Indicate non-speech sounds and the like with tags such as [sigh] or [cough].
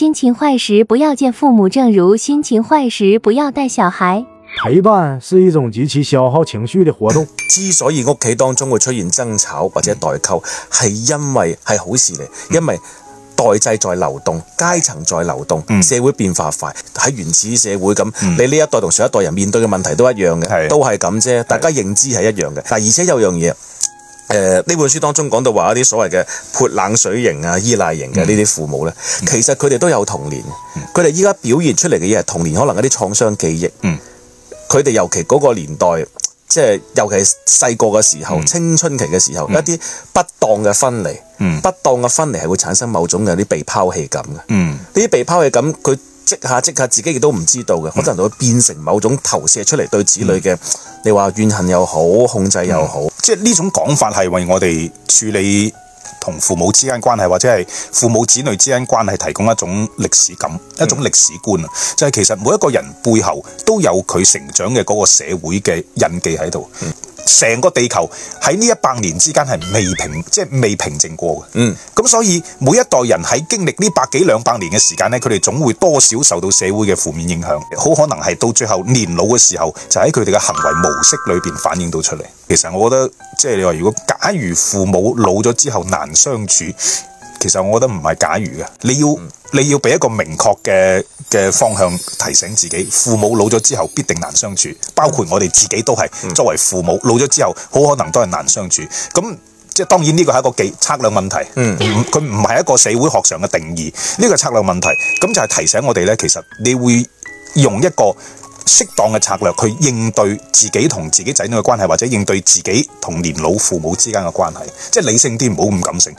心情壞時不要見父母，正如心情壞時不要帶小孩。陪伴是一種極其消耗情緒的活動。 [laughs] 之所以屋企當中會出現爭吵或者代溝，係、嗯、因為係好事嚟，嗯、因為代際在流動，階層在流動，嗯、社會變化快。喺原始社會咁，嗯、你呢一代同上一代人面對嘅問題都一樣嘅，嗯、都係咁啫，嗯、大家認知係一樣嘅。但而且有樣嘢。誒呢、呃、本書當中講到話一啲所謂嘅潑冷水型啊、依賴型嘅呢啲父母咧，嗯、其實佢哋都有童年，佢哋依家表現出嚟嘅嘢係童年可能一啲創傷記憶，佢哋、嗯、尤其嗰個年代。即係尤其細個嘅時候、嗯、青春期嘅時候，一啲不當嘅分離，嗯、不當嘅分離係會產生某種嘅啲被拋棄感嘅。呢啲、嗯、被拋棄感，佢即下即下，自己亦都唔知道嘅。嗯、可能就都會變成某種投射出嚟對子女嘅，嗯、你話怨恨又好、控制又好。嗯、即係呢種講法係為我哋處理。同父母之間關係，或者係父母子女之間關係，提供一種歷史感，一種歷史觀啊，嗯、就係其實每一個人背後都有佢成長嘅嗰個社會嘅印記喺度。嗯成個地球喺呢一百年之間係未平，即係未平靜過嘅。嗯，咁所以每一代人喺經歷呢百幾兩百年嘅時間呢，佢哋總會多少受到社會嘅負面影響，好可能係到最後年老嘅時候，就喺佢哋嘅行為模式裏邊反映到出嚟。其實我覺得，即係你話如果假如父母老咗之後難相處，其實我覺得唔係假如嘅，你要，嗯。你要俾一個明確嘅嘅方向提醒自己，父母老咗之後必定難相處，包括我哋自己都係、嗯、作為父母老咗之後，好可能都係難相處。咁即係當然呢個係一個計、策略問題，佢唔係一個社會學上嘅定義，呢個策略問題，咁就係提醒我哋呢，其實你會用一個適當嘅策略去應對自己同自己仔女嘅關係，或者應對自己同年老父母之間嘅關係，即係理性啲，唔好咁感性。